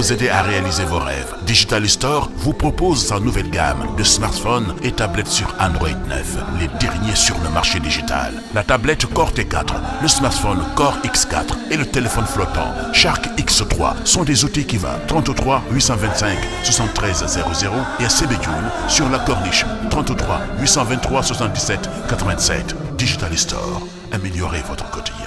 vous aider à réaliser vos rêves. Digital Store vous propose sa nouvelle gamme de smartphones et tablettes sur Android 9, les derniers sur le marché digital. La tablette Core T4, le smartphone Core x et le téléphone flottant Shark x sont des outils qui va et à sur la Corniche Digital Store, améliorez votre quotidien.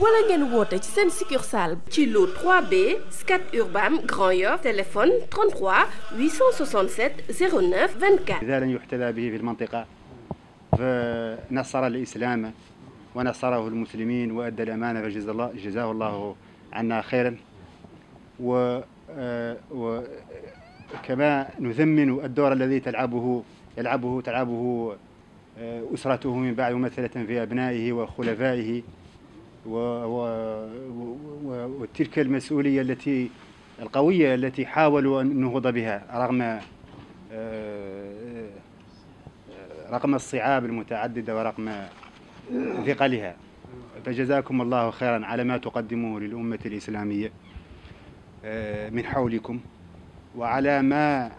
wala ngeen woote ci seen succursale ci lu 3B Scat Urbam Grand Yoff téléphone 33 867 09 24 رجال يحتذى به في المنطقة فنصر الإسلام ونصره المسلمين وأدى الأمانة فجزاه الله جزاه الله عنا خيرا و وكما نثمن الدور الذي تلعبه يلعبه تلعبه أسرته من بعد ممثلة في أبنائه وخلفائه وتلك المسؤولية التي القوية التي حاولوا النهوض بها رغم رغم الصعاب المتعددة ورغم ثقلها فجزاكم الله خيرا على ما تقدموه للأمة الإسلامية من حولكم وعلى ما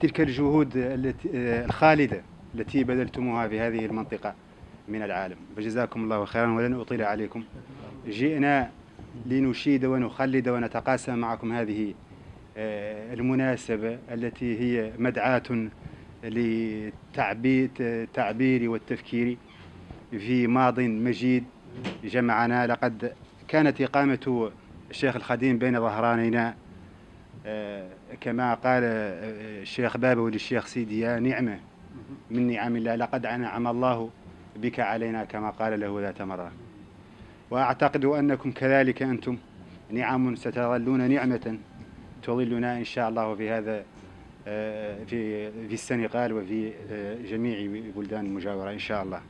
تلك الجهود التي الخالدة التي بذلتموها في هذه المنطقة من العالم فجزاكم الله خيرا ولن أطيل عليكم جئنا لنشيد ونخلد ونتقاسم معكم هذه المناسبة التي هي مدعاة للتعبير والتفكير في ماض مجيد جمعنا لقد كانت إقامة الشيخ الخديم بين ظهرانينا كما قال الشيخ بابا وللشيخ سيديا نعمة من نعم الله لقد أنعم الله بك علينا كما قال له ذات مرة وأعتقد أنكم كذلك أنتم نعم ستظلون نعمة تظلنا إن شاء الله في هذا في في السنغال وفي جميع بلدان المجاورة إن شاء الله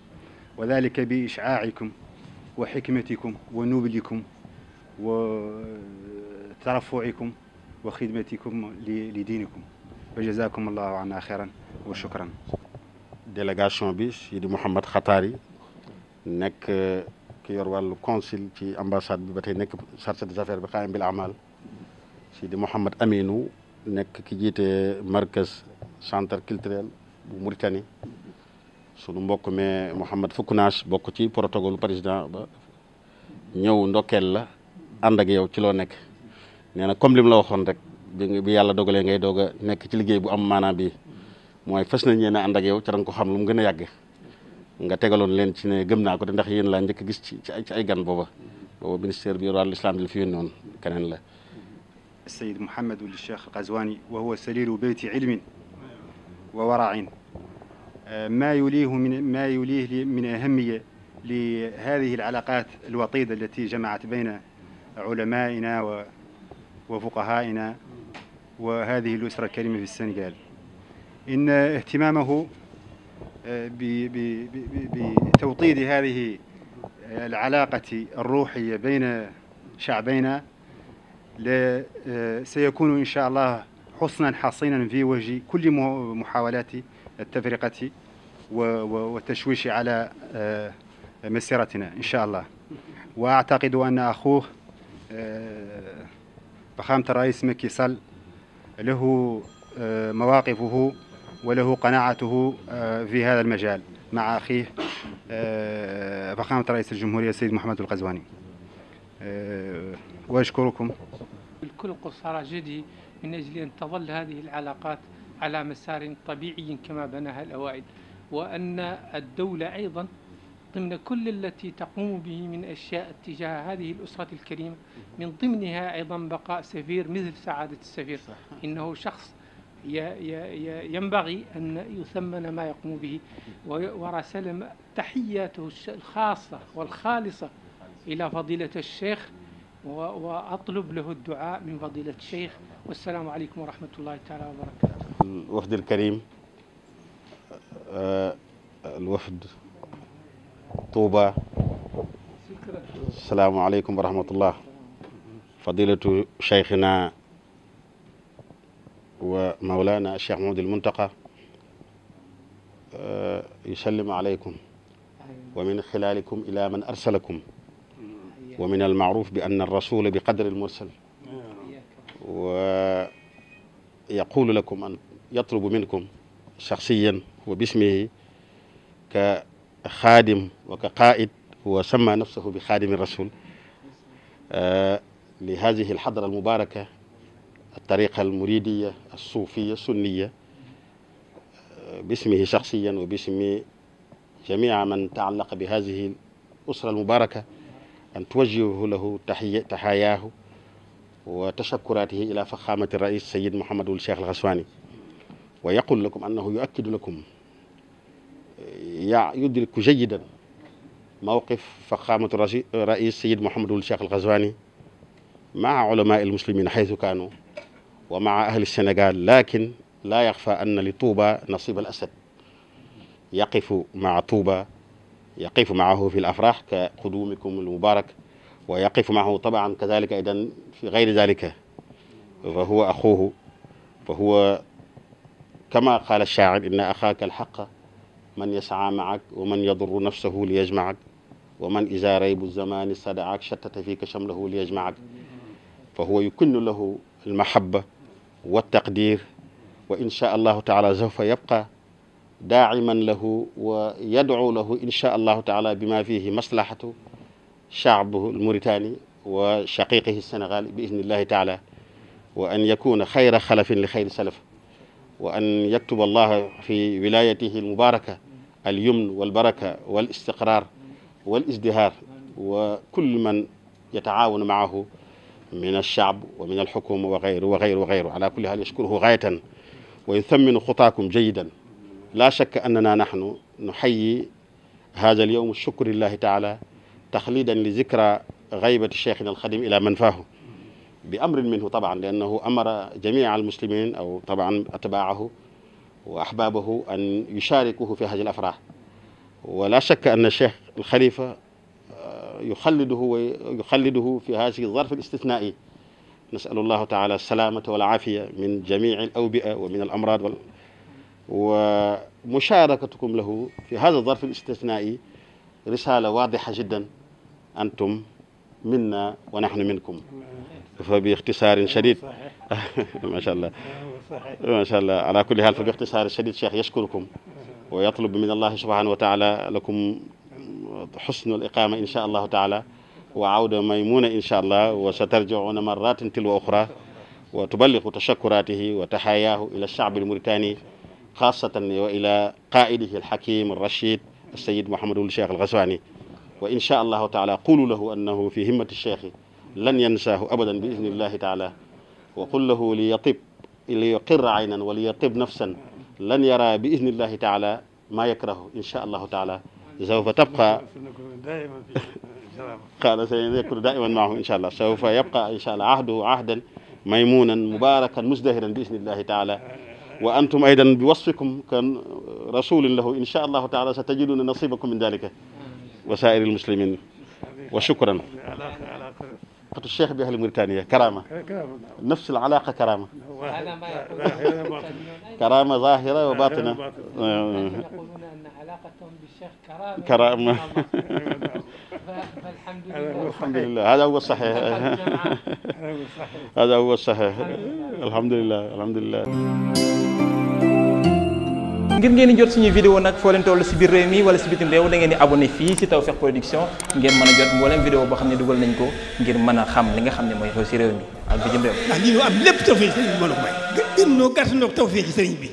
وذلك بإشعاعكم وحكمتكم ونبلكم وترفعكم وخدمتكم لدينكم وجزاكم الله عنا خيرا وشكرا délégation bi Sidi Mouhamed xatari nekk euh, ki yor wàllu consul ci ambassade bi ba tey nekk chargé des affaires bi qaa'im bil amal Sidi Mouhamed Aminou nekk ki jiite markaz centre culturel bu Mauritanie sunu mbokk me Mouhamed Foukounache bokk ci protocole président ba ñëw ndokkeel la ànd ak yow ci loo nekk nee na comme lim la waxoon rek bi bi yàlla dogalee ngay doog nekk ci liggéey bu am maanaam bi mooy fas nañ yéen a ànd ak yow ca danga ko xam lu mu gën a yàgg nga tegaloon leen ci ne gëm naa ko de ndax yéen laa njëkk gis ci ci ay gan booba booba ministère bi yoral islam bi la fi yónni woon keneen la السيد محمد للشيخ القزواني وهو سرير بيت علم وورع ما يليه من ما يليه من أهمية لهذه العلاقات الوطيدة التي جمعت بين علمائنا وفقهائنا وهذه الأسرة الكريمة في السنغال إن اهتمامه بتوطيد هذه العلاقة الروحية بين شعبينا سيكون إن شاء الله حصنا حصينا في وجه كل محاولات التفرقة والتشويش على مسيرتنا إن شاء الله وأعتقد أن أخوه فخامة الرئيس مكي سال له مواقفه وله قناعته في هذا المجال مع أخيه فخامة رئيس الجمهورية السيد محمد القزواني وأشكركم الكل قصارى جدي من أجل أن تظل هذه العلاقات على مسار طبيعي كما بناها الأوائل وأن الدولة أيضا ضمن كل التي تقوم به من أشياء تجاه هذه الأسرة الكريمة من ضمنها أيضا بقاء سفير مثل سعادة السفير إنه شخص ينبغي أن يثمن ما يقوم به ورسل تحياته الخاصة والخالصة إلى فضيلة الشيخ وأطلب له الدعاء من فضيلة الشيخ والسلام عليكم ورحمة الله تعالى وبركاته الوفد الكريم الوفد طوبى السلام عليكم ورحمة الله فضيلة شيخنا wa maulana cheikh mahmadul muntaqa euh, yusallimu alaykum wa min xilalikum ila man arsalakum wa min almaaruf bi anna arrasula bi qadri almursal wa yaqulu lakum an yatlubu minkum shaxsiyan wa bismihi ka xaadim wa ka qaa'id wa sama nafsahu bi xaadimi rasul euh, li hadihi alxadra almubaraka الطريقة المريدية الصوفية السنية باسمه شخصيا وباسم جميع من تعلق بهذه الأسرة المباركة أن توجهه له تحاياه وتشكراته إلى فخامة الرئيس سيد محمد الشيخ الغسواني ويقول لكم أنه يؤكد لكم يدرك جيدا موقف فخامة الرئيس سيد محمد الشيخ الغزواني مع علماء المسلمين حيث كانوا wa maa ahli Sénégal lakin laa yaxfa anna li Touba nasib al asad yaqifu maa Touba yaqifu maahu fi l afrah ka qudumikum al mubarak wa yaqifu maahu taban kazalika idan fi gayri zalika fa huwa axuhu fa huwa kama qaala shaair inna axaaka alxaqa man yasaa maak wa man yadurru nafsahu li yajmaak wa man iza raybu zamani sadaak shattata fika shamlahu li yajmaak fa huwa yukinnu lahu almahabba wa taqdir wa insha allahu taala sawfa yabqa daaciman lahu wa yadcu lahu insha allahu taala bima fihi maslahatu shacbu almuritani wa shaqiqihi sénégal bi idnillahi taala wa an yakuna xayra xalafin li xayri salaf wa an yaktuba allah fi wilayatihi almubaraka alyumn walbaraka walistiqrar walisdihar wa kulli man yatacaawanu maahu min alchaab wa min alxukuma wa gayru wa gayru wa gayru ala kulli haal yashkuruhu gaayatan wa yuthamminu xutaakum jayidan laa shakka annana nahnu nuxayi haaza alyawm shukri lillahi taala taxlidan li zikra gaybati cheikhina alxadim ila manfaahu bi amrin minhu taban liannahu amara jamia almuslimin aw taban atbaahu wa ahbaabahu an yusharikuhu fi haazihi alafraah wa laa shakka anna cheikh alxalifa يخلده ويخلده في هذه الظرف الاستثنائي نسأل الله تعالى السلامة والعافية من جميع الأوبئة ومن الأمراض وال... ومشاركتكم له في هذا الظرف الاستثنائي رسالة واضحة جدا أنتم منا ونحن منكم فباختصار شديد ما شاء الله ما شاء الله على كل حال فباختصار شديد شيخ يشكركم ويطلب من الله سبحانه وتعالى لكم حسن الإقامة إن شاء الله تعالى وعودة ميمونة إن شاء الله وسترجعون مرات تلو أخرى وتبلغ تشكراته وتحاياه إلى الشعب الموريتاني خاصة وإلى قائده الحكيم الرشيد السيد محمد الشيخ الغسواني وإن شاء الله تعالى قولوا له أنه في همة الشيخ لن ينساه أبدا بإذن الله تعالى وقل له ليطب ليقر عينا وليطب نفسا لن يرى بإذن الله تعالى ما يكره إن شاء الله تعالى سوف تبقى قال سيذكر دائما معه إن شاء الله سوف يبقى إن شاء الله عهده عهدا ميمونا مباركا مزدهرا بإذن الله تعالى وأنتم أيضا بوصفكم كان رسول له إن شاء الله تعالى ستجدون نصيبكم من ذلك وسائر المسلمين وشكرا علاقة الشيخ بأهل موريتانيا كرامة نفس العلاقة كرامة كرامة ظاهرة وباطنة كرامة فالحمد لله هذا هو الصحيح هذا هو الصحيح الحمد ngir ngeen jot suñu vidéo nag foo leen si biir réew mi wala si bitim réew da ngeen di abonné fii si Tawfekh Production ngeen mën a jot mboolem vidéo boo xam ne dugal nañ ko ngir mën a xam li nga xam ne mooy xew si réew mi ak bitim réew. Ah,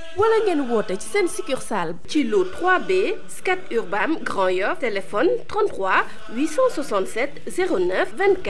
wala ngeen woote ci seen succursale ci lu 3B Scat Urbam Grand Yoff téléphone 33 867 09 24